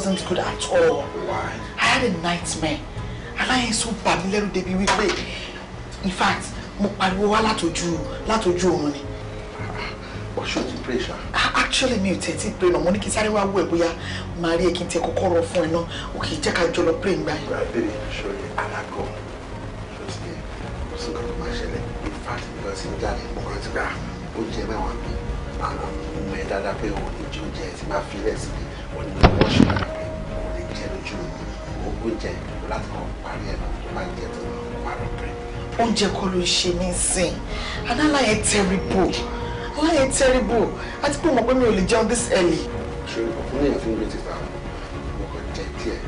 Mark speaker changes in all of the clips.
Speaker 1: wasn't good at all. Why? I had a nightmare. Aláyẹn so bà mí lẹ́rù débi wípé in fact mo pariwo to do, látòjú to ni. money. What o ti pray ṣá? Actually me, ò tẹ̀ tí pray náà mo ní kí sáré wá wú ẹ̀ bóyá màá rí ẹ kí n tẹ kọ́kọ́rọ́ fún ẹ náà ò kì í jẹ́ ká jọ lọ pray ńgbà in fact ìgbà tí mo jáde mo kàn ti gbà ó jẹ mẹ́wàá mi àwọn ọmọ ẹ̀ dáadáa pé òun ní parí ẹ̀ máa jẹ́ tó terrible, parọ́ pẹ́. oúnjẹ terrible aláyẹ terrible àti pé mo pé this early. ṣùgbọ́n ọkùnrin yẹn fún mi ti bá a mo kàn jẹ díẹ̀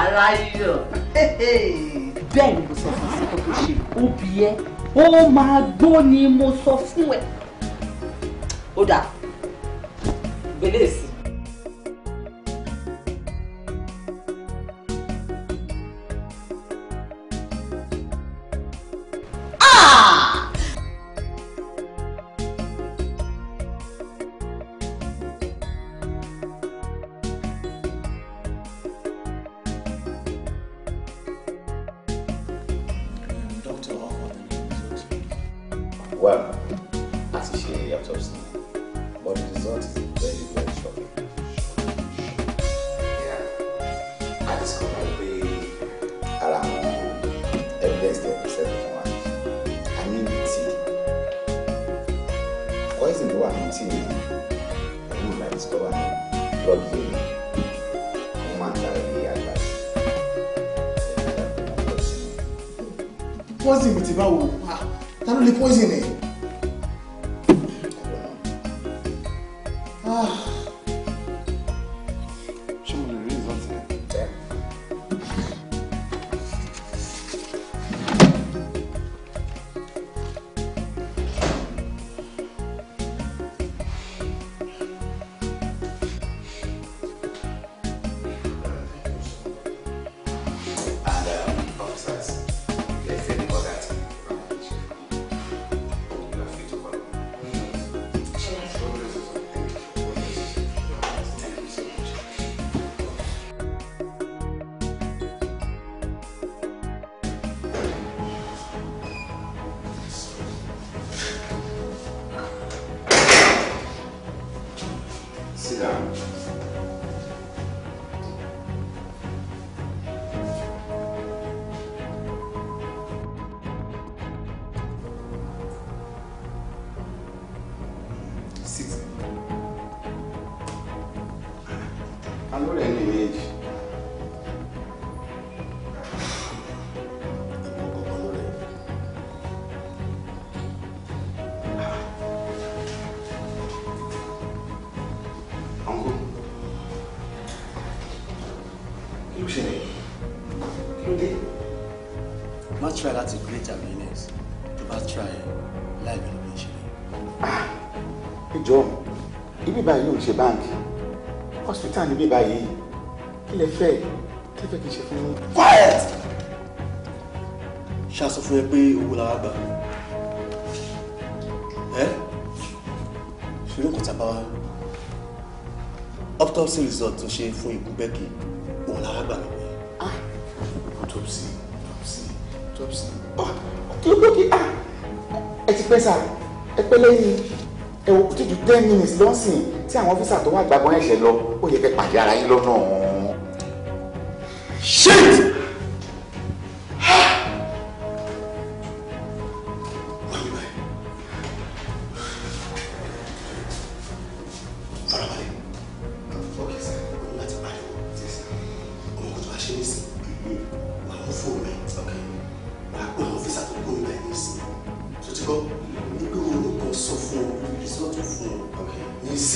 Speaker 2: aráyọ̀ bẹ́ẹ̀ ni mo sọ fún sí kókó ṣe ó bí ẹ ó máa gbó ni
Speaker 1: mo sọ fún ẹ ó dà gbélé sí báyìí ló ń ṣe báńkì hospital níbí báyìí kí lẹ fẹ́ kí fẹ́ kí n ṣe fún yín. quiet ṣàṣọ fún ẹ pé owó làwa gbà ẹ ṣùgbọ́n kò tábà wá autopsy result tó ṣe fún ikú Becky òun làwa gbà lọ́wọ́ ẹ. Ah! autopsy autopsy autopsy ah! kí ló gbókè ah! ẹ ti pẹ́ sáà ẹ pẹ́ lẹ́yìn ẹ̀wọ̀n kùtùkù ten minutes lọ́sìn tí àwọn ọ́fíìsà tó wà gbàgbọ́n ẹ̀ṣẹ̀ lọ ó yẹ kẹ́ pàdé ara yín lọ́nà ọ̀hún.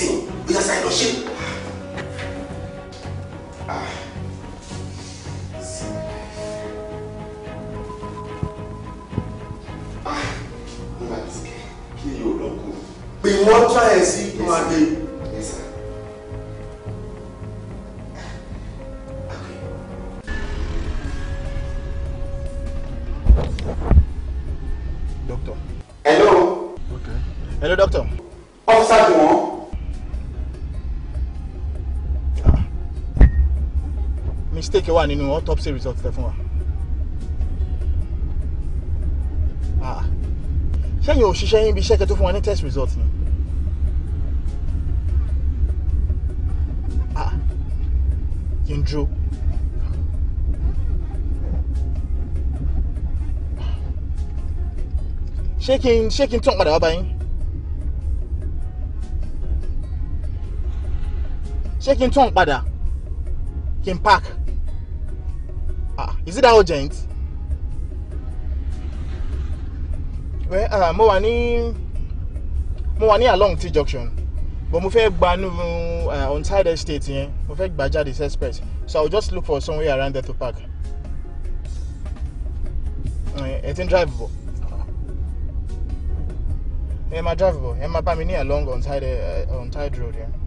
Speaker 1: 信ください。ロシ Àyìnkẹ́ wà nínú autopsy result tẹ fún wa. Ah. Ṣẹ́yìn òṣìṣẹ́ yín ibi iṣẹ́ kẹ́ tó fún wa ní test result ni. Ah. Kí n dúró. ṣé kí n ṣé kí n tún padà wá bá ṣé kí n tún padà kí n park is it that urgent? Well, uh, mo wà ní mo wà ní along T junction but mo fẹ́ gba nu on side estate yẹn mo fẹ́ gba jáde express so I will just look for somewhere around there to park. Ẹ ti ń drive bọ̀. Ẹ ma drive bọ̀. Ẹ máa bá mi ní along on side, on side road yẹn. Yeah.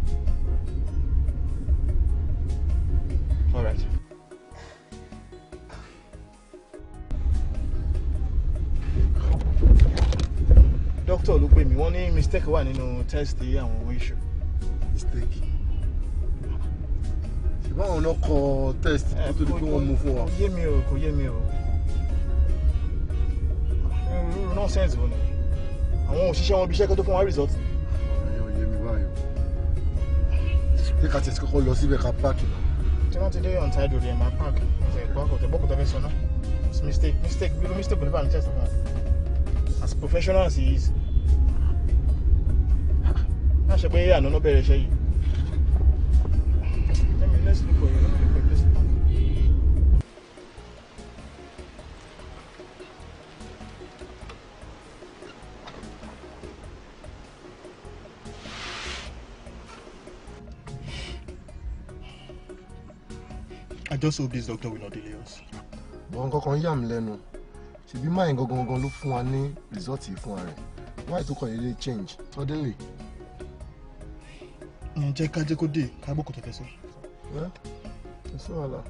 Speaker 1: inspector ló pè mí wọ́n ní mistake wà nínú test àwọn owó ìṣù. mistake ṣùgbọ́n àwọn náà kọ test kó tó di pé wọ́n mú fún wa. kò yé mi o kò yé mi o irú nonsense wo ni àwọn òṣìṣẹ́ wọn bí iṣẹ́ kó tó fún wa result.
Speaker 3: ẹ̀yin ò yé mi báyìí
Speaker 1: o ṣé ká tẹ̀sí kọ́kọ́ lọ síbẹ̀ ká páàkì náà. tí wọ́n ti dé ọ̀ǹtá ìdòrè ẹ̀ máa páàkì ọ̀sẹ̀ ìgbọ́kọ̀tẹ̀ bọ́kọ̀tẹ̀ fẹ́ sọ náà mistake mistake irú mistake kò ní bá mi tẹ̀sí fún wa. as professional as he is ṣe pé àná ló bẹ̀rẹ̀ iṣẹ́ yìí. I just hope this doctor will not delay us. Bọ̀n kankan yà mí lẹ́nu. Ṣèbí máa ń gangan ló fún wa ní rìsọ́ọ̀tì fún wa rẹ̀. Why tó kàn lè change suddenly? ìyẹn jẹ́ ká jẹ́ kó dé ká gbọ́ kó tẹ̀tẹ̀ sí. ẹ ẹ sí wàhálà.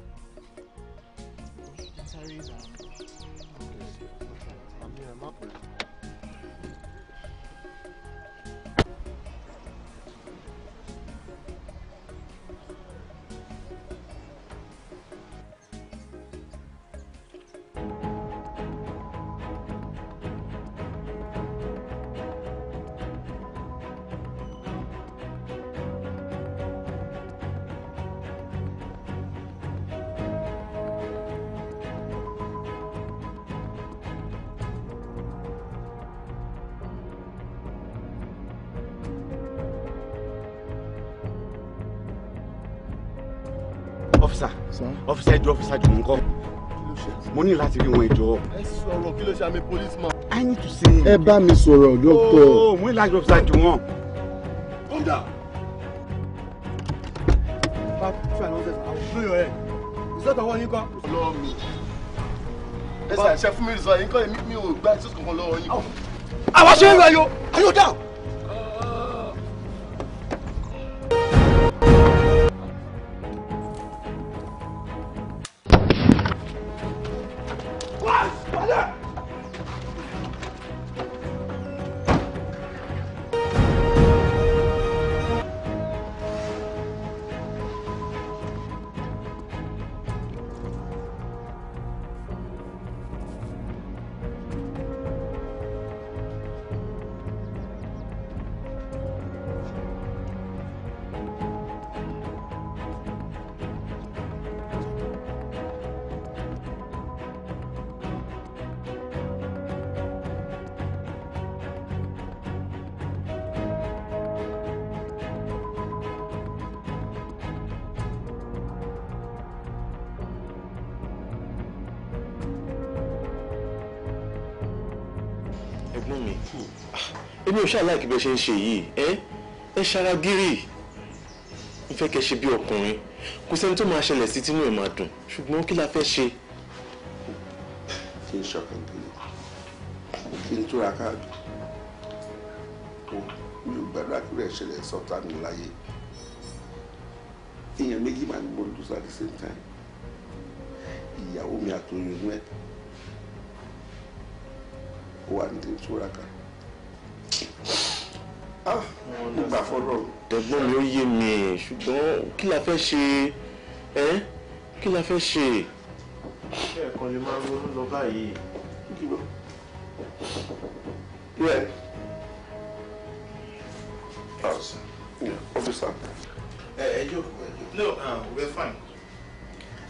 Speaker 1: ní láti rí wọn ìjọ. ẹ sọ̀rọ̀ kí ló ṣe àmì police I need to say. ẹ bá mi sọ̀rọ̀ dókítà. ooo oh, mú ìlàjì ọ̀fíìsà dì wọ́n. calm down. bá a tún àná ọ̀sẹ̀ àwọn fúlẹ̀ yọ̀ ẹ̀ ìṣètò yín kọ́. lọ́wọ́ mi ẹ ṣàṣẹ fún mi rìsọ̀ yín kọ́ mi ò gbá ìṣètò kankan lọ́wọ́ yín. àwọn ṣe é rẹ̀ yo are èmi ò ṣáà láìkí bẹ́ẹ̀ ṣe ń ṣe yìí ẹ ẹ ṣara gírì ń fẹ́ kẹ́ ṣe bí ọkùnrin kò sẹ́ni tó máa ṣẹlẹ̀ sí tínú ẹ̀ máa dùn ṣùgbọ́n kí la fẹ́ ṣe. kí n ṣọkàn bí kí n túra káàdì mi ò gbàdúrà kí rẹ̀ ṣẹlẹ̀ sọ́tà mi láyé èèyàn méjì máa ń gbọ́dọ̀ sọ at the same time ìyàwó mi àtòyún ẹ wà ní kí n túra káàdì mo ah, gbà fọ́rọ̀. tẹ̀gbọ́n mi ó yé mi ṣùgbọ́n kí la fẹ́ ṣe ẹ́ kí la fẹ́ ṣe. iṣẹ́ lè máa ronú lọ báyìí. Ah, yeah. Officer. Ẹ jókòó No, uh, we're fine.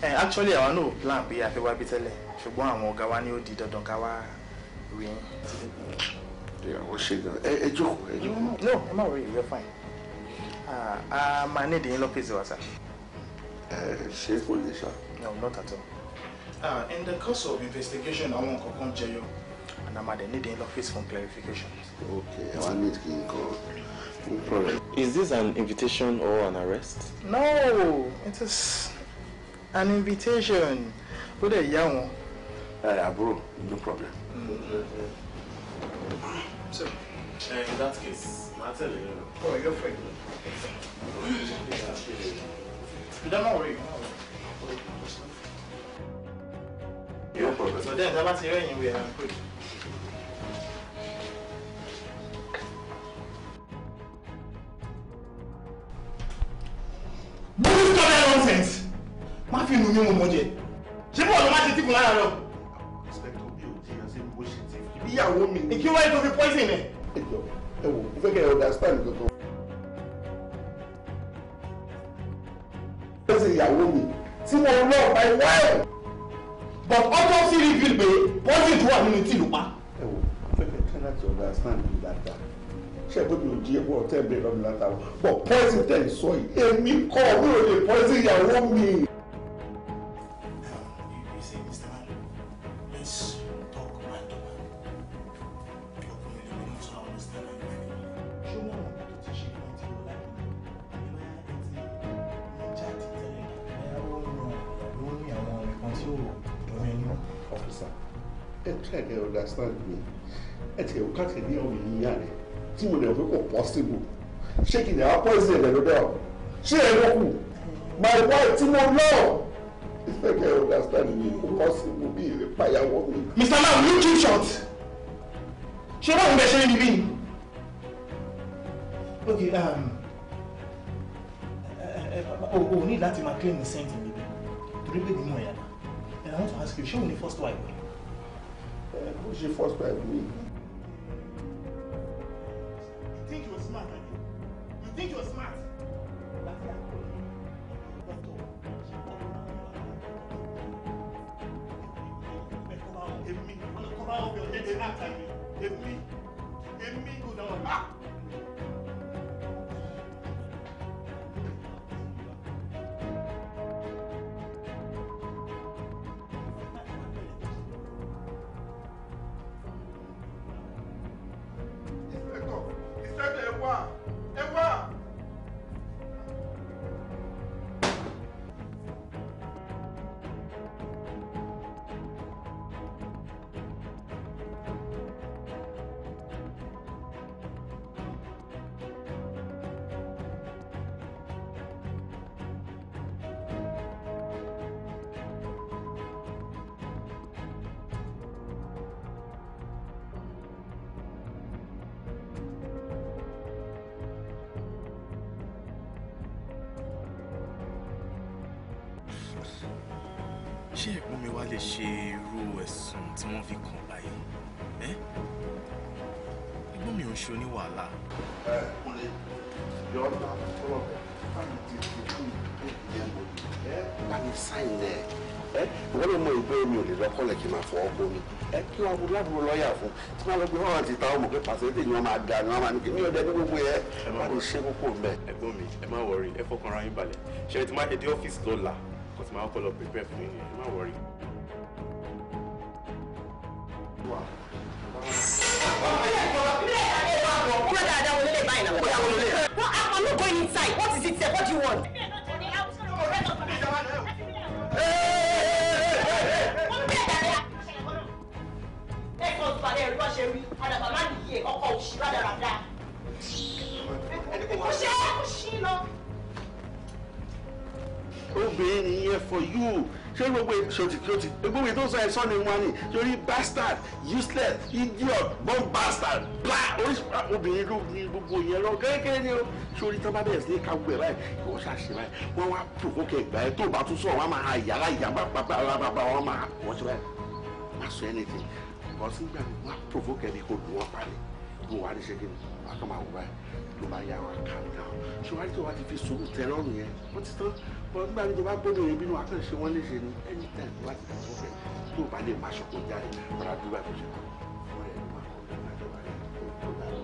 Speaker 1: Ẹ actually àwa náà plan pé a fẹ́ wá bí tẹ́lẹ̀ ṣùgbọ́n àwọn ọ̀gá wa ni ó di dandan ká wá rí yín ó ṣe gan ẹ jókòó hey, Joe. no I'm not worried. We're fine Ah, máa ní ìdíyín lọ́fíìsì wa sá. ẹ ṣe kò lè sá. no not at all. Uh, in the course of investigation àwọn nǹkan to jẹyọ. and I'm at the need in office for clarification. Okay, I need to go. Is this an invitation or an arrest? No, it is an invitation. Put a young one. Uh, bro, no problem. Mm. So, uh, in that case, I'll tell you. Oh, you're free. don't worry. No problem. So then, that's the way we are good. Move to that nonsense! Má fi inú mi mú mọ́ jẹ. Ṣé bọ́ọ̀lù má ṣe tí ìyàwó mi. ìkí wáyé tó fi poison eh? ẹ. ẹ wò ó fẹ́ kẹ́ ẹ understand kankan. poison ìyàwó mi tí mo lọ by well but autopsy reveal pé poison tó wà nínú tí pa. ẹ wò ó fẹ́ kẹ́ ẹ try to understand me dada ṣe pé mi ò di ewu ọ̀tẹ́ mi lọ́mìnira ta o but poison tẹ̀ ń sọ yìí èmi kọ́ mi ò lè poison ìyàwó mi. ẹ try to understand me I tẹ̀ ọ́ káàtì ní ọmọ yìí yá rẹ̀ tí mo lè possible ṣé kìnìún àwọn poison ẹ̀dẹ̀ ló dáa ṣé ẹ ló kù my wife tí mo lọ ẹ tẹ̀ ọ́ understand me kò possible be ìrè payàwó mi. Mr. Lam you keep short She báwo bẹ ṣe ń rí okay um, o ò ní láti máa claim the same thing níbi torí pé di ní ọ̀yàdà and I want to ask you show me the first wife? push the force by me. ṣé Ẹ̀bùnmiwá lè ṣe irú ẹ̀sùn tí wọ́n fi kàn báyìí ẹ́ ẹ̀gbọ́n mi ò ṣe oníwàhálà. ẹ kúnlẹ̀ yọ ọ́ ta fọlọ́ báyìí ti fi kú ìdílé mọ́ ẹ bá mi sáìn ẹ ìwọ ló mọ ìgbé mi ò lè lọkọlẹ kí n máa fọ ọkọ mi ẹ kí wọn wúlọ àbúrò fún tí wọn lọ gbé wọn àti ìtawọ mọ pé pàṣẹtì ni wọn máa da ni wọn máa ní kí ní ọdẹ ní gbogbo yẹ wọn lè ṣe kókó mbẹ. ẹ̀gbọ́n mi ẹ má wọrí ẹ fọkànra yín balẹ̀ ṣe é ti máa èdè ọ́fíìsì lọ́la tí màá kọ́ lọ prepare fún yín ẹ má wọrí.
Speaker 2: What do you want?
Speaker 1: obìnrin yẹn for you ṣé gbogbo ìṣòtì ṣòtì gbogbo ìtò sọ ẹ̀sọ́ ni wọn ni torí bastard useless idiot born bastard bla oríṣiríṣi obìnrin ló ní gbogbo yẹn lọ kékeré ni o sórí tán bá bẹ̀rẹ̀ sí ní káwé báyìí ìwọ ṣàṣì báyìí wọn wá provoke ẹgbà ẹ tó bá tún sọ wọn máa yà láyà bàbàbàbà wọn máa wọ́n ṣe báyìí má sọ anything ọ̀sìn gbà wọn provoke ẹni kò lù wọn parí wọn wà ní ṣe kí ni wọn kàn máa wọ báyìí ló bá yà wọn calm down ṣùgbọ́n àti tó wá ti fi sùúrù tẹ lọ́rùn yẹn wọ́n ti tán bọ́n nígbà tí ìjọba gbọ́dọ̀ yẹn bínú àkànṣe wọn léṣe ni ẹni tàn wá ti tàn fẹ́ tó bá lè máa ṣọkọ jáde rárá bí wàá tó ṣe kọ́ fún ẹ̀ máa kọ́ ní ìrìnàjò wa rẹ̀ tó dá lọ.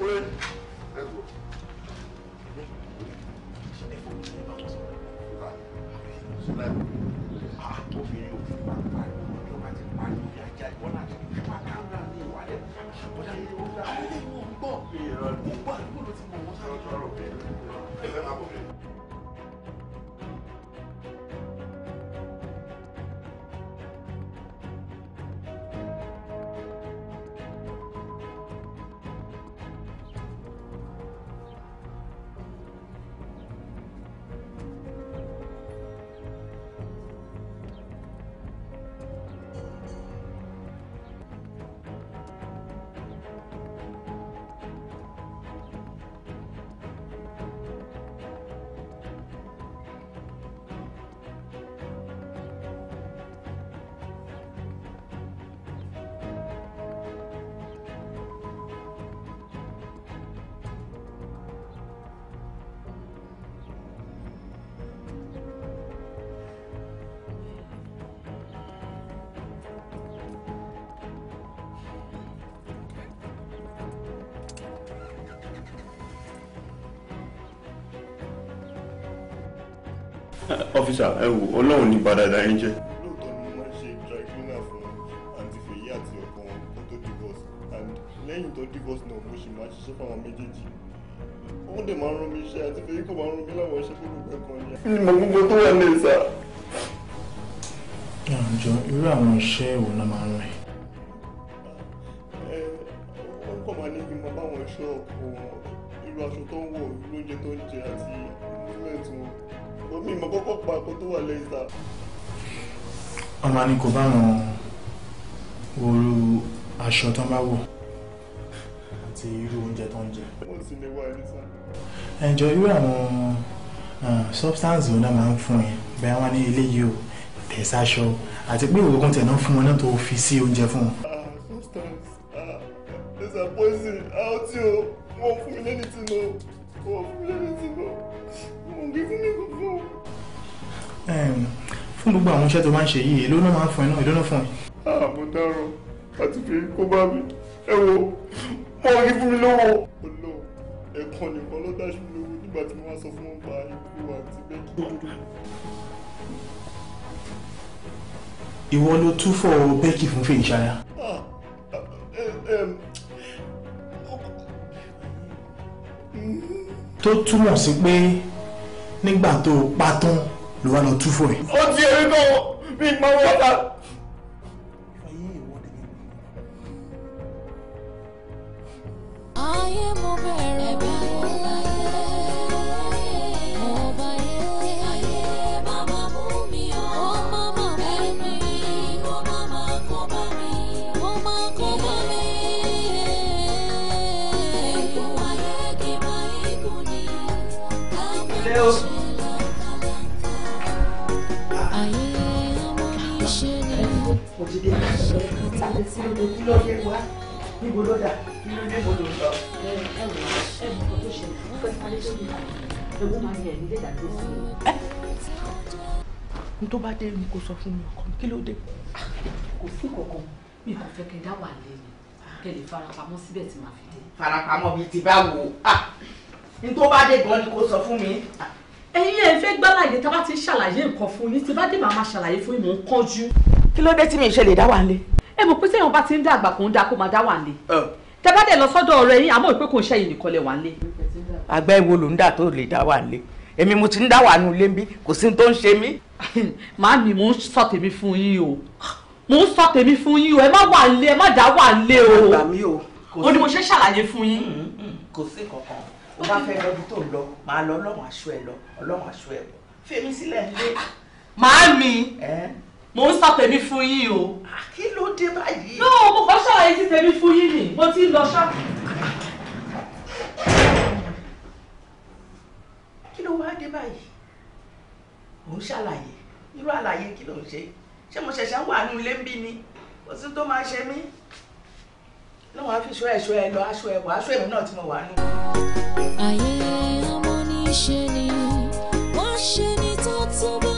Speaker 1: Thank you. bóyá ó dá àwọn ilé ìwọ̀n ń gbọ́ gbogbo àdúgbò ló ti mọ̀ wọ́n sáré ọ́fíṣà ẹ wò ọlọ́run ní bàdàdà yín jẹ́. lóòótọ́ ni wọ́n ṣe tribunal fún àǹtí fèyí àti ọkọ wọn tó divorce and lẹ́yìn tó divorce náà mo ṣì máa ṣiṣẹ́ fáwọn méjèèjì wọ́n dẹ̀ máa ń rán mi iṣẹ́ àti fèyí kò máa ń rán mi láwọn iṣẹ́ gbogbo ẹ̀kan ni. ìmọ̀ gbogbo tó wà ní ìsà. àjọ irú àwọn iṣẹ́ wo ló máa ń rìn. wọ́n máa ní kí n máa bá irú aṣọ tó ń wọ̀ irú oúnjẹ tó ń jẹ àti ìfúnlẹ̀ tí wọ́n omi ìmọ̀ kọ́kọ́ pa kó tó wà lẹ́yìn ọmọ ni kò bá wọn wọrú aṣọ tó bá wọ̀ àti irú oúnjẹ tó ń jẹ. wọ́n sì lè wá ẹni sá. ẹ̀jọ irú àwọn substance wo náà máa ń fún yẹn bẹ́ẹ̀ wọ́n ní eléyìí o tẹ̀sáṣọ àti pé ìwé kan tẹ̀ náà fún wọn náà tó fi sí oúnjẹ fún wọn. fún gbogbo àwọn iṣẹ́ tó máa ń ṣe yìí èló máa ń fún ẹ náà èló fún ẹ. àmọ́ ah, dárò àti fi kó bá mi ẹ wo mo rí fún mi lówó. olóò ẹ̀kan nìkan ló dáṣu mi lówó nígbà tí mo wá sọ fún wọn pa ikú àti bẹ́ẹ̀kì. ìwọ ló túfọ̀ bẹ́ẹ̀kì fún fèyí ṣáyà. Ah, ah, eh, tó túmọ̀ sí pé nígbà tó o pa tán ló wá lọ tú fún ẹ. ó ti ẹ̀rí náà mi máa wọ́n ta.
Speaker 3: ayé mo
Speaker 1: tàbí sí lóde kí ló dé wá níbo ló dà kí ló dé bolo lọ. ẹ ẹ wò ẹ mọ tó ṣẹlẹ̀ wọ́n fẹ́ẹ́ sáré tó yẹ ewu máa yẹ nílé ìdàgbé sí i. n tó bá dé mi kò sọ fún mi ọkọ kí ló dé. kò sí kankan mi kò fẹ́ kẹ́ dá wà lẹ́yìn
Speaker 2: kẹ́ lè farapamọ́ síbẹ̀ tí màá fi dé.
Speaker 1: farapamọ́ bíi ti báwo
Speaker 2: n tó bá dé gan ni kò sọ fún mi ẹ̀yin ẹ fẹ́ gbálàyé tá a bá ti ṣàlàyé nǹkan fún yín tí bá dé màá máa ṣàlàyé fún yín mò ń kánjú. kí ló dé tí mi ṣe lè ẹ mọ̀ pé sẹ́yìn bá ti ń dàgbà kó ń da kó máa dá wà ń lé
Speaker 1: tẹ bá dẹ̀ lọ sọ́dọ̀ ọ̀rẹ́ yín àmọ́ ìpé kò ń ṣẹ́yìn nìkan lẹ̀ wà ń lé. àgbà ìwo ló ń dà tó lè dá wà ń lé èmi mo ti ń dá wà nù lé mi kò sí tó ń ṣe mí. màámi mò ń sọ tèmi fún yín o mò ń sọ tèmi fún yín o ẹ má wà ń lé ẹ má dá wà lé o. àgbà mi o. o mo ṣe ṣàlàyé fún yín. Mm, mm, mm. kò sí kankan o bá fẹ́ lọ́dún tó lọ lọ mo ń sọ tèmi fún yín o. Ah, kí ló dé báyìí. náà mo kàn ṣàlàyé ti tèmi
Speaker 2: fún yín ni mo ti ń lọ ṣá.
Speaker 1: kí ló wá dé báyìí
Speaker 2: mo ń ṣàlàyé
Speaker 1: irú àlàyé kí
Speaker 2: ló ń ṣe ṣé mo
Speaker 1: ṣẹ̀ṣẹ̀ ń wà ní ilé ń bí ni Mo sí tó máa ṣe mí lọ́wọ́ á fi ṣọ́ ẹ̀ṣọ́ ẹ lọ aṣọ ẹ̀wọ̀ aṣọ ẹ̀wọ̀ náà tí mo wà nù.
Speaker 3: ayé ọmọ ní í ṣe ni wọ́n ṣe ni tó tún bá.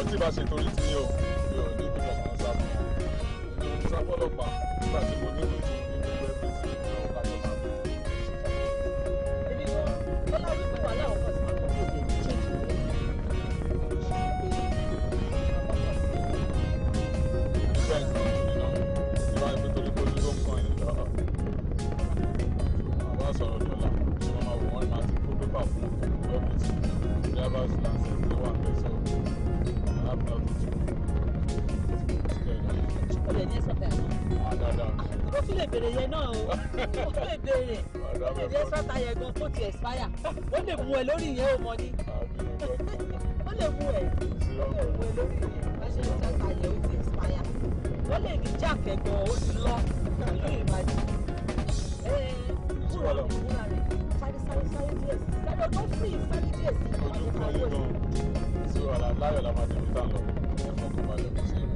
Speaker 3: bọ́ tí ìbá ṣe torí ti yín o mi ní bí lọ́kàn sábà mi ò ọlọ́pàá nígbà tí mo nílò ìdí. bèrè yẹn náà o ó lè
Speaker 2: bèrè èdè sọ́ta yẹn gan kó ti expire ó lè mú ẹ lórí yẹn o mọ ní ó lè mú ẹ ó lè mú ẹ lórí yẹn bá ṣe ń sọ́ta yẹn ó ti expire ó lè ní jack ẹ̀gbọ́n ó ti lọ pẹ̀lú ìbàdí ẹ̀
Speaker 3: kúrò lọ múra rẹ̀ sáré sáré sáré díẹ̀ sí sáré ọgbọ́n fún yìí sáré díẹ̀ sí. ojú kan yìí gan-an sí wàhálà láyọ̀ la máa dé mi tán lọ ẹ̀fọn kò máa lọ kó sí i.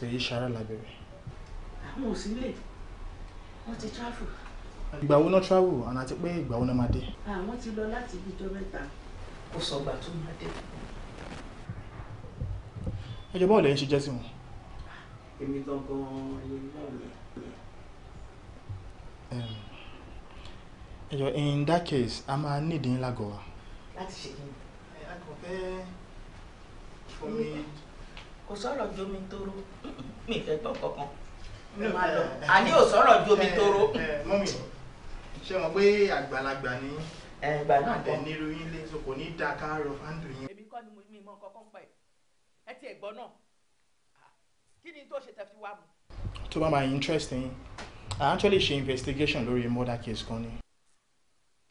Speaker 1: pé ìṣara làbẹ̀rẹ̀. àwọn ò sí lè wọ́n ti travel. ìgbà wo náà travel àná àti pé ìgbà wo náà máa dé. àwọn ti lọ láti ibi ìjọ mẹ́ta kò sọ̀gbà tó máa dé. ẹjọ́ báwo lẹ́yìn ṣe jẹ́ sí wọn. èmi gangan ẹni náà ni. ẹjọ́ in that case a máa nídìí ńlá gọ̀wà. láti ṣe kí ni. ẹ a kò kò sọ̀rọ̀ jomi toro mi fẹ́ gbọ́ kankan eh, eh, àní ò sọ̀rọ̀ jomi eh, toro. mọ́mí ṣé wọn pé àgbàlagbà ni ẹgbà náà kọ́ àtẹnirú yín lé so kò ní í da káàárọ̀ fáńdù yín. èmi kọ́ ni mo ní kankan pa ẹ̀ ẹ ti ẹ̀gbọ́n náà kí ni tó ṣe tẹ̀ fi wá mu. tó bá máa interest yín i actually ṣe investigation lórí murder case kan ni.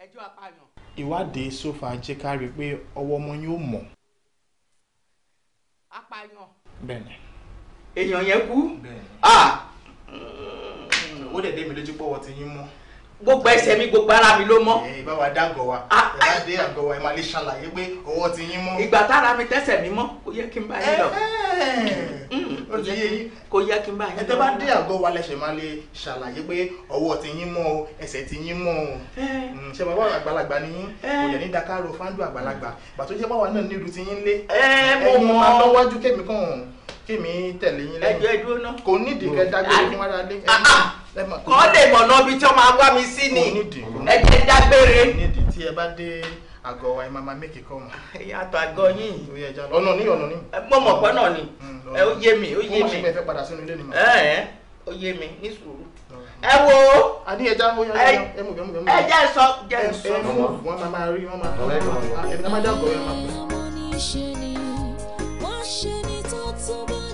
Speaker 1: ẹjọ́ apààyàn. ìwádìí so far jẹ́ rí i pé ọwọ́ ọmọ yín mọ̀. apààyàn èèyàn yẹn kú ah! ó dẹ̀ dé mi lójú pọ̀ wọ́n ti yín mú
Speaker 3: gbogbo ẹsẹ̀ mi
Speaker 1: gbogbo ara mi ló mọ́. ẹ bá wa dá wa ah, ah. ẹ bá dé àgọ́ wa ẹ máa lè ṣàlàyé pé ọwọ́ ti yín mọ́. ìgbà tára mi tẹ́sẹ̀ mi mọ́ mm-hmm. kò yẹ kí n bá yín lọ. kò yẹ kí n bá yín lọ. ẹ tẹ́ bá dé àgọ́ wa lẹ́sẹ̀ máa lè ṣàlàyé pé ọwọ́ ti yín mọ́ o ẹsẹ̀ ti yín mọ́ o. Mm, ṣé bàbá àgbàlagbà ni yín kò yẹ ní dakaro fáńdù àgbàlagbà bàtó ṣé báwa náà nílùú ti yín lé. ẹ mo mọ kémi tẹ̀lé yín lẹ́yìn. ẹjọ́ ẹdúró náà. kò nídìí kẹ dágbére fún ara lé. Ah, ah. kọ́ lè mọ̀ náà bí tí wọ́n máa wá mi sí ni ẹjẹ́ dágbére. nídìí tí ẹ bá dé àgọ́ wa ẹ máa máa mékì kọ́ mọ̀. ìyàtọ̀ àgọ́ yín. ọ̀nà ni ọ̀nà ni. mo mọ̀ pé náà ni mm,
Speaker 3: ó yé mi ó yé mi. mo sì
Speaker 1: fẹ́ padà sínú ilé ni mà. ó yé mi ní sùúrù ẹ wo adíyẹjá ó yọ ẹ mú bẹ mú bẹ mú bẹ ẹ jẹ sọ jẹ sọ fún wọn máa máa rí wọn máa tọ ẹ máa dákọ ẹ máa
Speaker 3: pè. so much.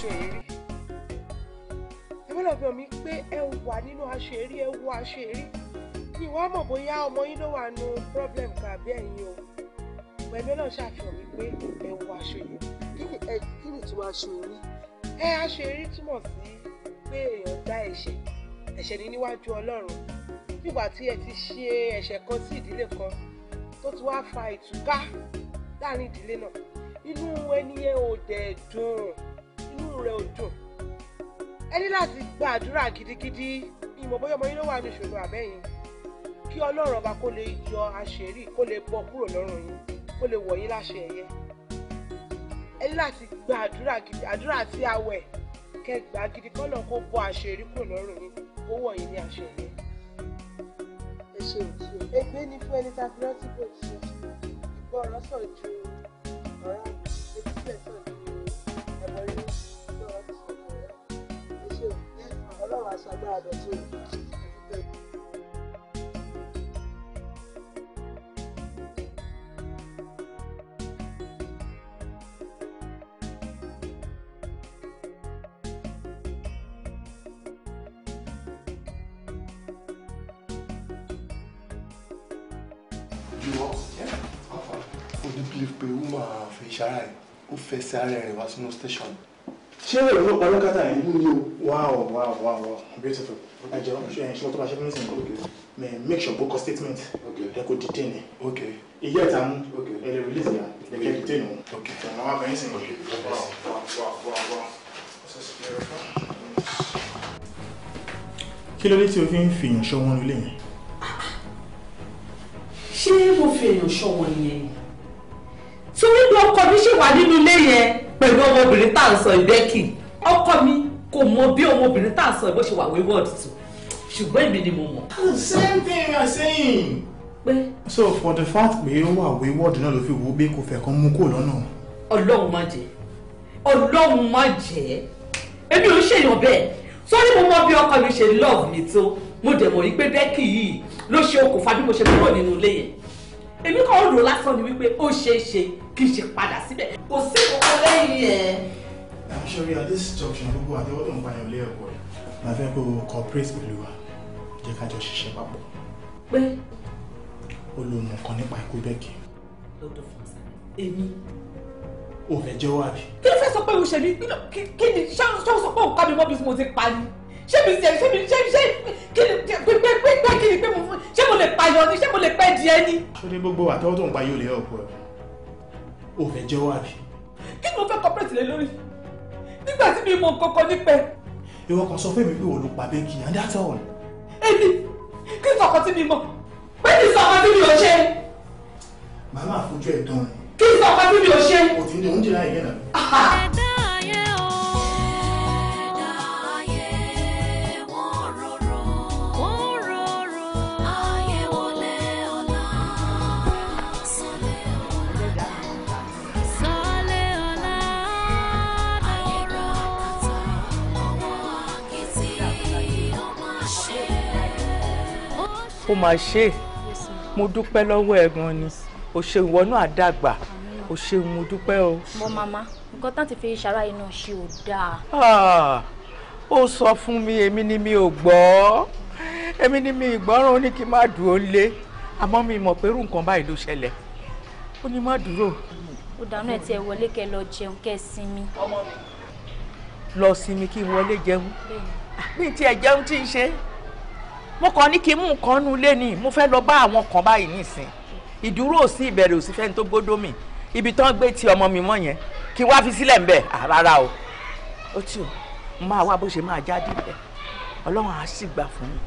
Speaker 1: aṣọ eré ìbálòpọ̀ mi pé ẹ wà nínú aṣọ eré ẹ wọ aṣọ eré ni wàá mọ̀ bóyá ọmọ yín ló wà nù problem kan àbí ẹ̀yin o pẹ̀lú náà ṣàfihàn mi pé ẹ wọ aṣọ eré kí ni ìtumọ̀ aṣọ eré ẹ aṣọ eré túmọ̀ sí pé èèyàn dá ẹ̀ṣẹ̀ ẹ̀ṣẹ̀ ní níwájú Ọlọ́run nígbà tí ẹ ti ṣe ẹ̀ṣẹ̀ kan sí ìdílé kan tó ti wá fa ìtúká láàrin ìdílé náà inú ẹni yẹn ò dẹ̀ dùn inú rẹ ò dùn ẹ ní láti gba àdúrà gidigidi ìmọ̀ bóyá ọmọ yín ló wà ní ìṣòro àbẹ́yìn kí ọlọ́run ọba kó lè yọ àṣírí kó lè bọ́ kúrò lọ́rùn yín kó lè wọ̀ yín láṣẹ ẹ̀yẹ ẹ ní láti gba àdúrà gidi àdúrà àti àwẹ̀ kẹgbàá gidi kọ́lọ̀ kó bọ́ àṣírí kúrò lọ́rùn yín kó wọ̀ yín ní àṣẹ ẹ̀yẹ. ẹ ṣe òtún ẹgbẹ́ ní fún ẹni tá a fi rántí kò tí ì gbọ́ ọ̀rọ̀ sọ̀ ju ọlọ́run aṣọ agbára rẹ̀ tó yẹ. believe pé ó máa fi ṣe ara ẹ̀ wá sínú station ṣé wọ́n lọ́pàá lọ́kàtà yẹn mú o. wow wow wow wow beautiful ẹjọ ṣe lọ́tọ́ bá ṣe fún mi sìn make sure book a statement ẹ kò detain ẹ ìyá ìta mú ẹ lè release ya ẹ kẹ́ detain o. ọ̀nà wa bẹ̀rẹ̀ sìn. wow wow wow wow kí ló dé tí o fi ń fi èèyàn ṣọ́ wọn nílé yẹn. ṣé mo fi èèyàn ṣọ́ wọn yẹn torí bí
Speaker 2: ọkọ mi ṣe wà nínú ilé yẹn pẹ̀lú ọmọbìnrin tá à ń sọ ìbẹ́kì ọkọ mi kò mọ bí ọmọbìnrin tá à ń sọ ìbọn ṣe wà wayward tó ṣùgbọ́n èmi ni mo
Speaker 1: mọ̀. same thing as saying. pé. so for the fact pé ó wà wayward náà ló fi wo pé kò fẹ́ kan mú kó lọ́nà.
Speaker 2: ọlọ́run má jẹ́ ọlọ́run má jẹ́
Speaker 1: èmi ò ń ṣèyàn
Speaker 2: bẹ́ẹ̀ sórí mo mọ bí ọkọ mi ṣe love mi tó mo dẹ̀ mọ̀ wípé bẹ́ẹ̀kì yìí ló ṣe
Speaker 1: okùnfà bí mo ṣe kúrò nínú ilé yẹn èmi kàn ń rò lásán ni wípé ó ṣeé ṣe kì ṣe padà síbẹ̀ kò sí
Speaker 2: kankan lẹ́yìn ẹ̀.
Speaker 1: àṣọrí at this junction gbogbo àtẹwọ́ tó ń pa ìyànlẹ́ ẹ̀kọ́ rẹ̀ máa fẹ́ kó cooperate pẹ̀lú wa jẹ́ ká jọ ṣiṣẹ́ papọ̀. pé ó lo mọ̀ kan nípa ikú bẹ́ẹ̀kì. lọ́dọ̀
Speaker 2: fọ́nsá èmi.
Speaker 1: o fẹ́ jẹ́wọ́ àbí.
Speaker 2: kí ló fẹ́ sọ pé o ṣe mí kí ni ṣáà sọ pé òun kábi mọ́ bí mo ti pa ni ṣé mi ṣe ṣé mi ṣe ṣe kí ni pé pé pé pé kí ni pé mo ṣé mo lè payọ ni ṣé mo lè pẹ́ di
Speaker 1: ẹni. ṣé gbogbo àtẹwọ́ tó ń pa yóò lè ọ̀pọ̀ ẹ̀ ò fẹ́ jẹ́wọ́ àbí. kí ló fẹ́ kọ́pẹ́tì lé lórí nígbà tí mi mọ kọ́kọ́ nípẹ́. ìwọ kan sọ fún mi pé òun ló pa bẹ́ẹ̀kì and that's all. èmi kí sọkọ tí mi mọ pé kí sọkọ tí mi ò ṣe. màmá àfojú ẹ̀ dán ni. kí sọkọ tí mi ò ṣe. òtún ní oúnjẹ láyé yẹn
Speaker 3: náà.
Speaker 1: ó máa ṣe mo dúpẹ́ lọ́wọ́ ẹ ni o ṣeun ìwọ náà o ṣeun mo dúpẹ́ o. mo
Speaker 2: màmá nǹkan tán ti fi ṣara iná ṣe ò dáa.
Speaker 1: Ah, ó sọ fún mi èmi ni mi ò gbọ́ èmi ni mi ìgbọ́ràn ó ní kí n má dùn ó lé àmọ́ mi mọ̀ pé irú nǹkan báyìí ló ṣẹlẹ̀ ó ní má dúró. ó dànù ẹ̀ tí ẹ wọlé kẹ lọ jẹun kẹ sinmi. ọmọ mi lọ sinmi kí n wọlé jẹun bí n tiẹ̀ jẹun tí ń ṣe mo kàn ní kí n mú nǹkan nu lé ni mo fẹ́ lọ bá àwọn kan báyìí nísìn ìdúró òsì ìbẹ̀rẹ̀ òsì fẹ́ni tó gbódó mi ibi tán gbé ti ọmọ mi mọ́ yẹn kí wá fi sílẹ̀ ńbẹ̀ rárá o ó tì ó máa wá bó ṣe máa jáde bẹ́ẹ̀ ọlọ́run á sì gbà fún mi.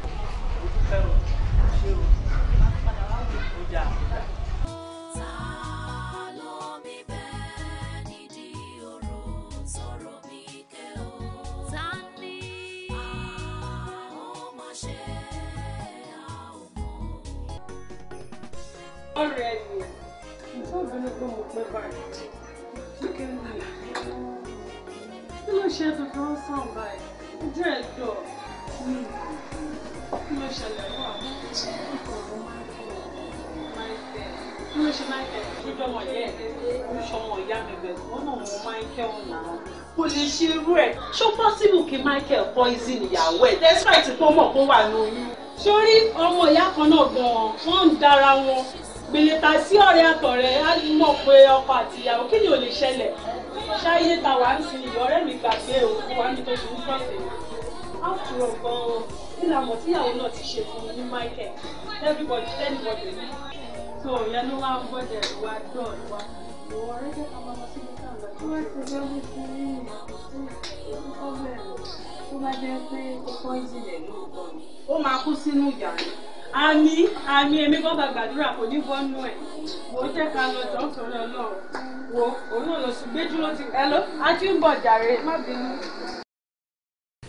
Speaker 2: ọ̀rẹ́ mi sábẹ́ni pé mo pẹ́ báyìí kíkẹ́ ń lè kí ló ṣe tuntun ń sàn báyìí ojú ẹ̀ jọ kí ló ṣẹlẹ̀ wà ọ̀rọ̀ Michael kí ló ṣe Michael tó jọmọ yẹ ń ṣọmọ ìyá mi bẹ̀ wọ́n Michael náà kò lè ṣe irú ẹ̀ Michael poison ìyàwó ẹ̀ despite pé ó mọ̀ kó wà ní oyún. sórí ọmọ ìyá kan náà gan-an wọ́n ń dára wọn gbìyànjú sí ọ̀rẹ́ àtọ̀rẹ́ á mọ̀ pé ọkọ àti ìyàwó kí ni ò lè ṣẹlẹ̀ ṣáyé ta wà ń sin ìyá ọ̀rẹ́ mi gbàgbé òkú wa ní tó ṣe ń tọ̀sẹ̀ àfúrò gan-an nílà mọ̀ tíyàwó náà ti ṣe fún ní Michael everybody everybody so ìyẹn ló wá ń bọ́dẹ̀ wá dọ̀ wá
Speaker 3: ìwọ ọ̀rẹ́ jẹ́ ká lọ sí ní kàǹgà tó wá ti bẹ́ẹ̀ mú fún mi
Speaker 2: èyí tó máa kú sínú ìyá àmì àmì èmi kọ́ bá gbàdúrà kò ní bọ́nú ẹ̀ wò ó jẹ́ ká lọ jọ nítorí ọlọ́run wo òun náà lọ sí gbẹ́jú ló ti ẹ lọ á ti ń bọ̀ jàre má bínú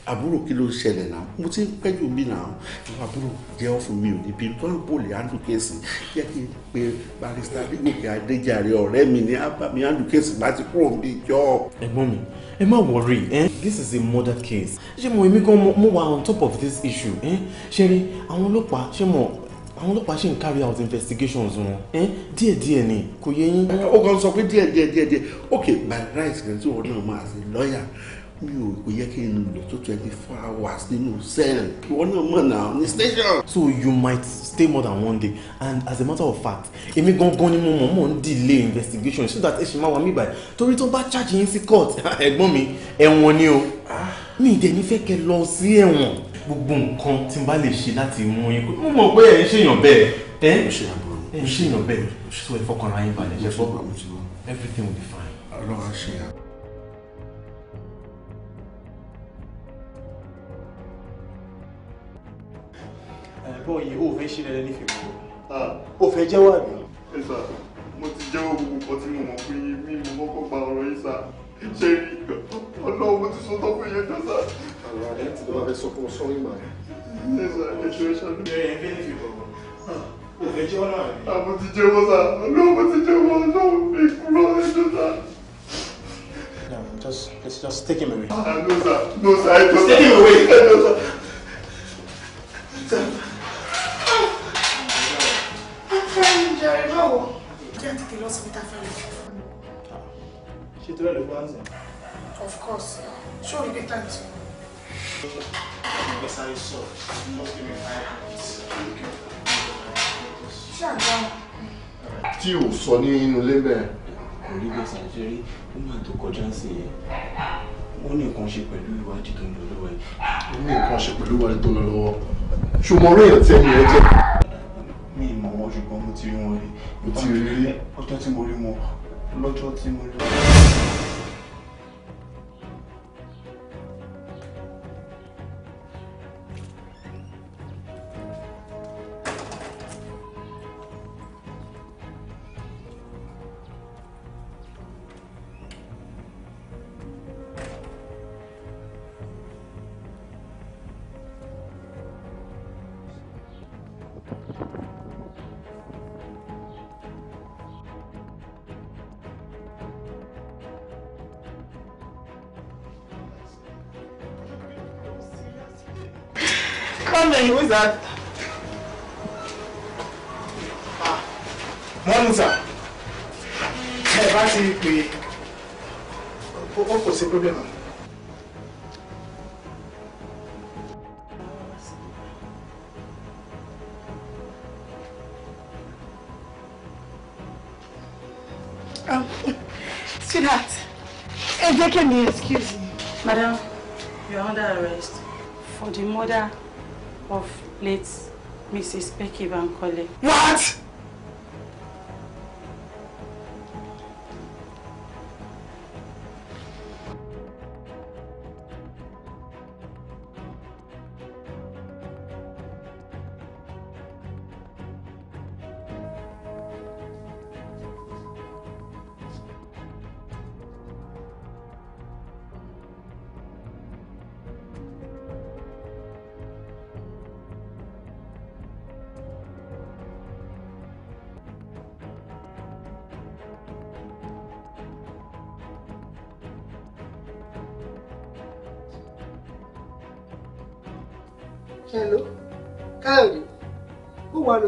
Speaker 1: àbúrò kí ló ṣẹlẹ̀ náà mo ti ń pẹ́jù mi náà àwọn àbúrò jẹ́ ọ̀fun mi ò ní bí lọ́n bòlì àndù kéèsì jẹ́ kí n pe barista adégòkè adéjàre ọ̀rẹ́ mi ní abami àndù kéèsì bá ti kúrò níbi ìjọ. ẹ̀gbọ́n mi ẹ má wọrí this is a murder case ṣé mo èmi gan mo wà on top of this issue ṣe rí àwọn ọlọ́pàá ṣé mo àwọn ọlọ́pàá ṣì ń carry out investigations wọn díẹ̀díẹ̀ ni kò yẹ yín. ó kàn sọ pé díẹ̀díẹ̀ díẹ̀díẹ̀ ok by right kẹ́ntì wọn náà máa ṣe lọ́ọ̀yà mi kò yẹ kí n lò tó twenty four hours nínú sẹ́ẹ̀n ìwọ náà mọ̀ náà ní station. so you might stay more than one day and as a matter of fact èmi gangan ni mo mọ̀ mọ̀ ń delay investigation so that ẹ ṣe máa wà mí báyìí torí tó bá charge yín sí court ẹ̀gbọ́n mi ẹ̀wọ̀n ni o ah. mi ì dẹ̀ ní fẹ́ kẹ́ lọ sí ẹ̀wọ̀n gbogbo nǹkan tí n bá lè ṣe láti mú yín mo mọ̀ pé ẹ̀ ń ṣèyàn bẹ́ẹ̀ ẹ̀ ń ṣèyàn bẹ́ẹ̀ so ẹ fọkànra yín balẹ̀ jẹ́ fọ́ everything will be fine. ọlọ́run á ṣe àbúrò. gbọ́ yìí ó fẹ́ ṣe rẹ̀ nífẹ̀ẹ́ mọ́ ah. ó fẹ́ jẹ́wọ́ àbí. ẹ sà mo ti jẹ́wọ́ gbogbo nǹkan tí mo mọ̀ fún yín mi mo kọ́kọ́ gba ọ̀rọ̀ yín sà ṣe rí ọlọ́run mo ti sọ tán fún yín jọ sà. ọ̀rọ̀ rẹ ti lọ́wọ́ fẹ́ sọ fún ọ sọ́rí mà. ẹ sà ẹ ṣe é ṣàlùyẹ. ẹ ẹ fẹ́ nífẹ̀ẹ́ bọ̀ ó fẹ́
Speaker 3: jẹ́wọ́ náà rẹ̀. àmọ́ ah, ti jẹ́wọ́ sà ọlọ́run Just, just take him away. Uh, no, sir. No, sir. I just take him away. No,
Speaker 1: sir. Sílẹ̀ ló gbá ń sìn. Of course, ṣé òrìgbé time ti mú? Ìgbẹ́ sáré sọ, must give me five minutes. Ṣé àgbà? Tí ò sọ ní inú ilé bẹ́ẹ̀. Kò rí bẹ́ẹ̀ sáré ṣe rí, ó máa tó kọjá sí yẹn ó ní nǹkan ṣe pẹ̀lú ìwádìí tó ń lọ lọ́wọ́ ẹ̀. ó ní nǹkan ṣe pẹ̀lú ìwádìí tó ń lọ mi ì mọ̀ wọ́n ṣùgbọ́n mo ti rí wọn mo ti rí ọjọ́ tí mo rí wọn lọ́jọ́ tí coming. Who is that? Ah. Morning, sir. Ẹ bá ti pè ó kò sí problem. Um,
Speaker 2: sweetheart, ẹ jẹ́ kí mi excuse me. Madam, You're under arrest for the murder of late Mrs. Becky Bankole. What?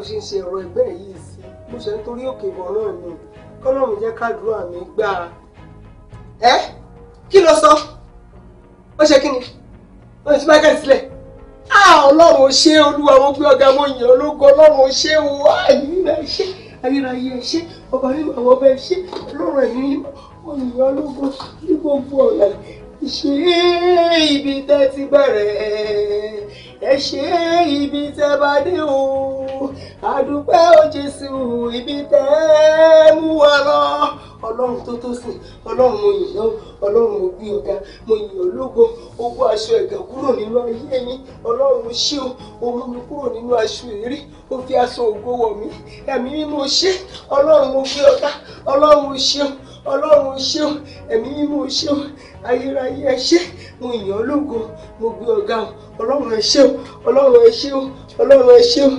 Speaker 1: ṣe ń ṣe ẹ̀rọ ẹgbẹ́ yìí sí mo ṣe ń torí òkè bọ̀ náà ni kọ́lọ́run jẹ́ kádùúrà mi gbà á. ẹ kí ló sọ ó ṣe kí ni ó ti bá kẹ́sì sílẹ̀ á ọlọ́run ó ṣe olúwa mo gbé ọ̀gá mo yàn ológo ọlọ́run ó ṣe o àyè nígbà ṣe ayérayé ẹ ṣe ọba nínú àwọn ọba ẹ ṣe ọlọ́run ẹ̀mí olùyọ ológo ní gbogbo ọ̀la ìṣe ibi tẹ́ ti bẹ̀rẹ̀ ẹ ṣe ibi tẹ́ bá dé o àdúpẹ́ o Jésù ibi tẹ́ mú wa lọ ọlọ́run tó tó sìn ọlọ́run mo yìn lọ́wọ́ ọlọ́run mo gbé ọ̀gá mo yìn ológo owó aṣọ ẹ̀gàn kúrò nínú ayé mi ọlọ́run ṣé o o mú mi kúrò nínú aṣọ ìrírí o fi aṣọ ògo wọ̀ mí ẹ̀mí mímọ́ ṣé ọlọ́run mo gbé ọ̀gá ọlọ́run ṣé o ọlọ́run ṣeun ẹ̀mí mímú ṣeun ayérayé ẹ ṣé mo yàn ọ́ lógo mo gbé ọ̀gá ọlọ́run ẹ ṣeun ọlọ́run ẹ ṣeun ọlọ́run ẹ ṣeun.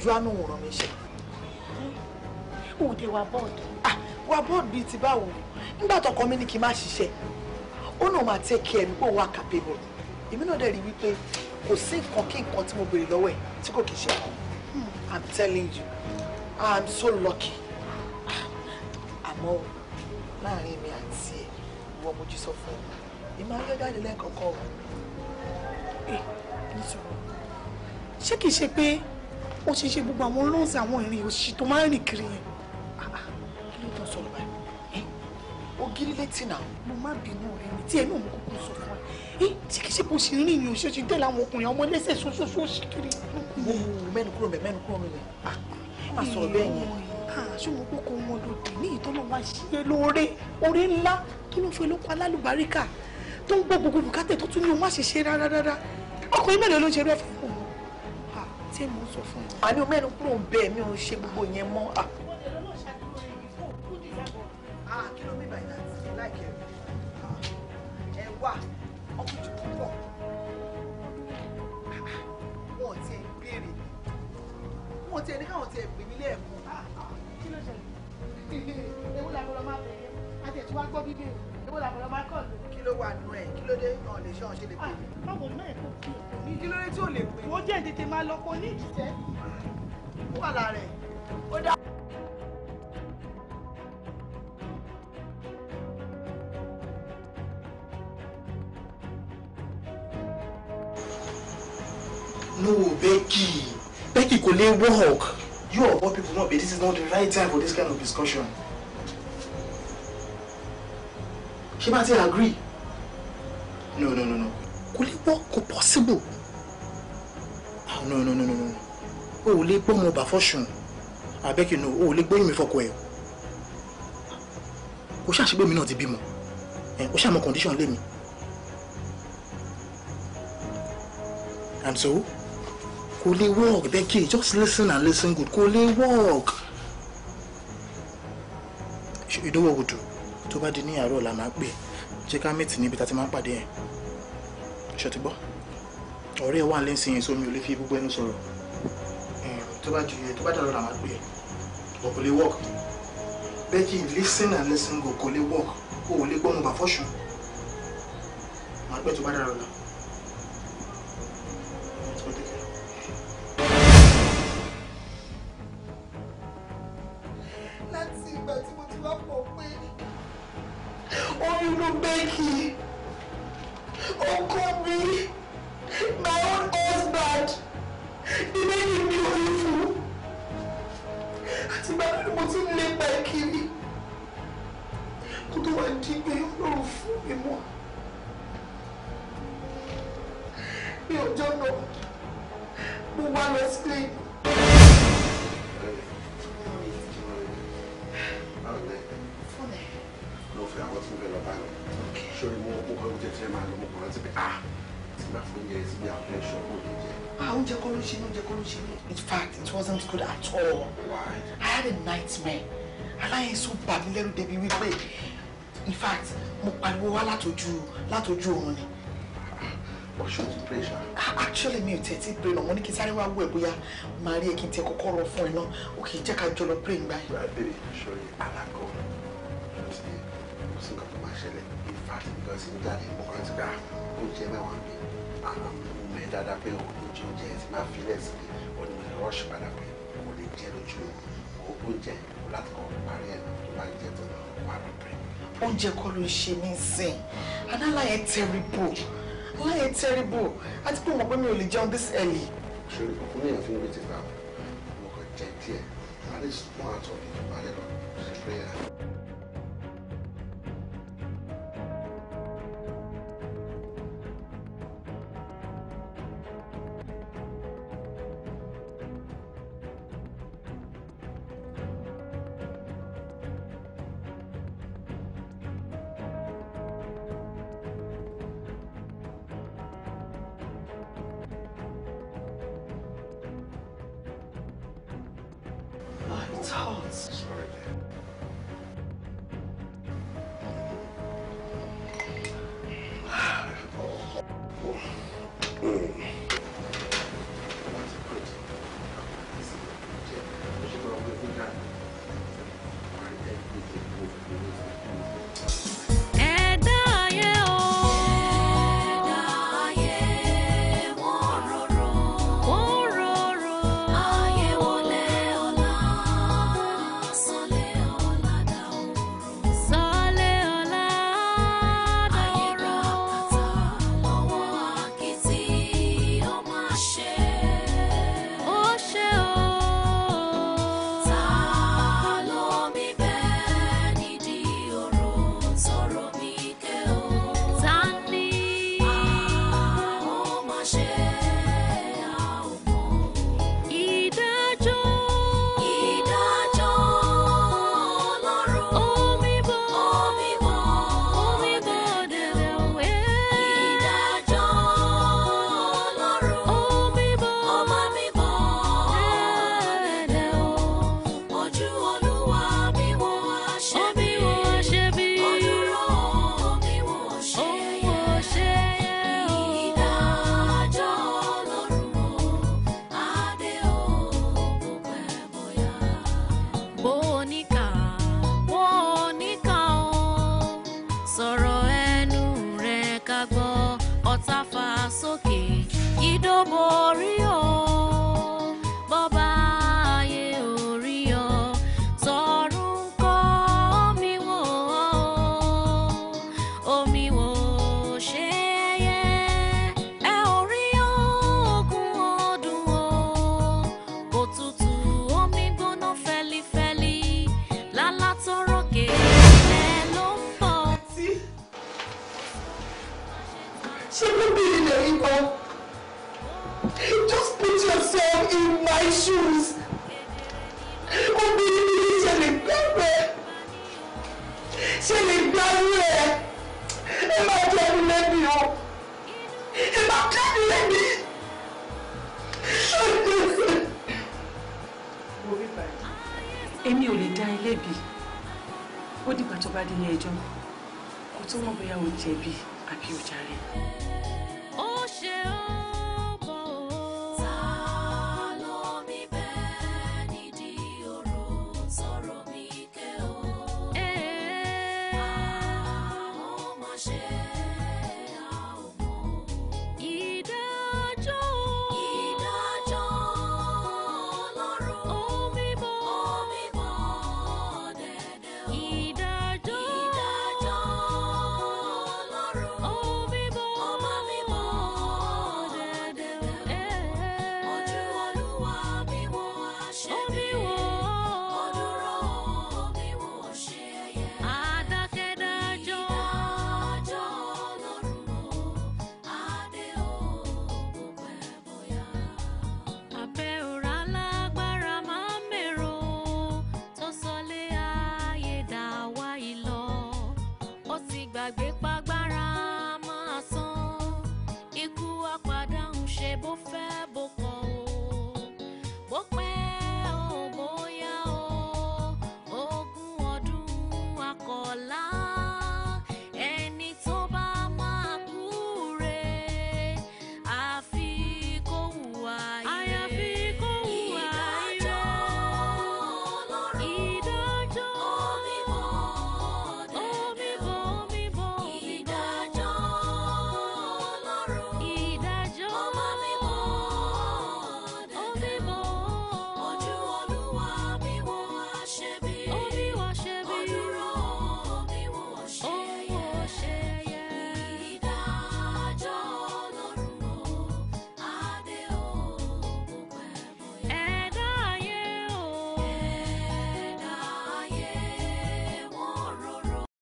Speaker 1: àdúrà náà wòran mi ṣe. òde wa bọ́ọ̀dù. ah wa bọ́ọ̀dù bíi ti báwo nígbà tọkọ mi ní kí n má ṣiṣẹ́ ó náà take care mi pé òun wà capable èmi náà dẹ̀ rí wípé kò sí nǹkan kí nǹkan tí mo béèrè lọ́wọ́ ẹ̀ tí kò kì í hmm. i'm telling you i'm so lucky ah, àmọ́ láàrin mi àti ẹ̀ ìwọ mojú sọ fún mi ìmọ̀ ayọ́ jáde lẹ́ẹ̀kọ̀ọ̀kan o eh, nítorí ṣé kìí ṣe pé ó ṣe ṣe gbogbo àwọn lọ́ọ̀sì àwọn ìrìn òṣì tó máa ń rìn kiri yẹn ah, ah, kí ló tán sọ̀rọ̀ báyìí ògiri eh, létí náà mo má bínú rẹ̀ ní tí ẹnu òun kúkú sọ fún ẹ eh, tí kì í ṣe kó ṣe rìn ní oṣù tí tẹ́lẹ̀ àwọn ọkùnrin ọmọ ẹlẹ́sẹ̀ ṣoṣoṣo ṣì kiri. mo mẹ́nu kúrò mẹ́ mẹ́nu kúrò mẹ́ ah, má sọ̀rọ̀ bẹ́ẹ̀ yẹn ṣùgbọ́n kókó wọn lòdì ní ìtọ́nà wa ṣe lóore oore ńlá tó ló fẹ́ ló pa lálùbáríkà tó ń gbọ́ gbogbo bùkátà tó tún ní òun má ṣe ṣe rárá rárá ọkùnrin mélòó ló ń ṣe rẹ́fẹ̀ẹ́ tí mò ń sọ fún yín. àní omi ẹnu kúrò ń bẹ́ẹ̀ mi ò ṣe gbogbo yẹn mọ́. Ah.
Speaker 3: Ah, kí ló mi bàyìí láti ṣe láìkẹ́
Speaker 1: ẹ ah, wà ọkùnrin púpọ̀ wọn ò tiẹ̀ béèrè wọn ò tiẹ̀ ní káwọn tiẹ̀ pè mí lẹ́ẹ̀kan. kí ló ṣẹlẹ̀ wà nù ẹ̀ kí ló dé ọ̀ lè ṣe ọ̀ṣẹ́ lè pè ah, mí. báwo náà kí o ní kí ló dé tí ò lè pè. wọ́n jẹ́ tètè máa lọ kó ní ìjìṣẹ́. ó wà lára ẹ̀ ó dá. no Becky Becky kò lè work you of all people know but this is not the right time for this kind of discussion. ṣé bá ti agree no no no no kò lè wọ́ kò possible ah no no no no no o ò lè gbọ́ mo bà fọ́ṣùn you, no o ò lè gbóyún mi fọkọ ẹ̀ o ṣàṣìgbé mi náà ti bímọ o eh, ṣàmọ condition lé mi and so kò lè work Becky just listen and listen good kò lè work you know what we do tó bá di ní àárọ̀ la máa pè é jẹ́ ká mẹ́tì níbi tá a ti máa ń pàdé yẹn ṣe ti gbọ́ ọ̀rẹ́ ẹ̀ wà lẹ́yìn sẹ́yìn sómi ò lè fi gbogbo ẹnu sọ̀rọ̀ tó bá ju yẹn tó bá dàrọ̀ làwọn àgbẹ̀ ọ̀ kò lè work bẹ́ẹ̀kì listen and listen go kò lè work o ò lè gbọ́ mo bà fọ́ṣù tó bá dàrọ̀ làwọn. látọjú òun ni. ọ̀ṣun ti pray ṣá. actually mi ò tẹ̀ tí pray náà wọ́n ní kí sáré wá wú ẹ̀ bóyá máa rí ẹ kí n tẹ kọ́kọ́ rọ fún ẹ náà ó kì í jẹ́ ká jọ lọ pray ńgbà yìí. ìgbàdé ìṣòro alákọ̀ọ́ ti kò sí nǹkan tó máa ṣẹlẹ̀ in fact nǹkan sì ń jáde mo kàn ti gbà ó jẹ́ mẹ́wàá mi àwọn ọmọ mi dáadáa pé òun ló jẹ oúnjẹ ti máa fi lẹ́sìn mi ní mo rush padà pé kò lè jẹ lójú òun oúnjẹ láti kọ́ parí ẹ̀ tó bá jẹ tó ló ń ṣe mí sìn alála yẹn terrible alála yẹn terrible àti pé mo pé mi ò lè jẹun this early. ṣòro ìfún yẹn fún mi ti gbà mo kàn jẹ díẹ̀ alẹ́ sùn fún àtọ̀ mi balẹ̀ lọ sí prayer.
Speaker 2: C'est bien.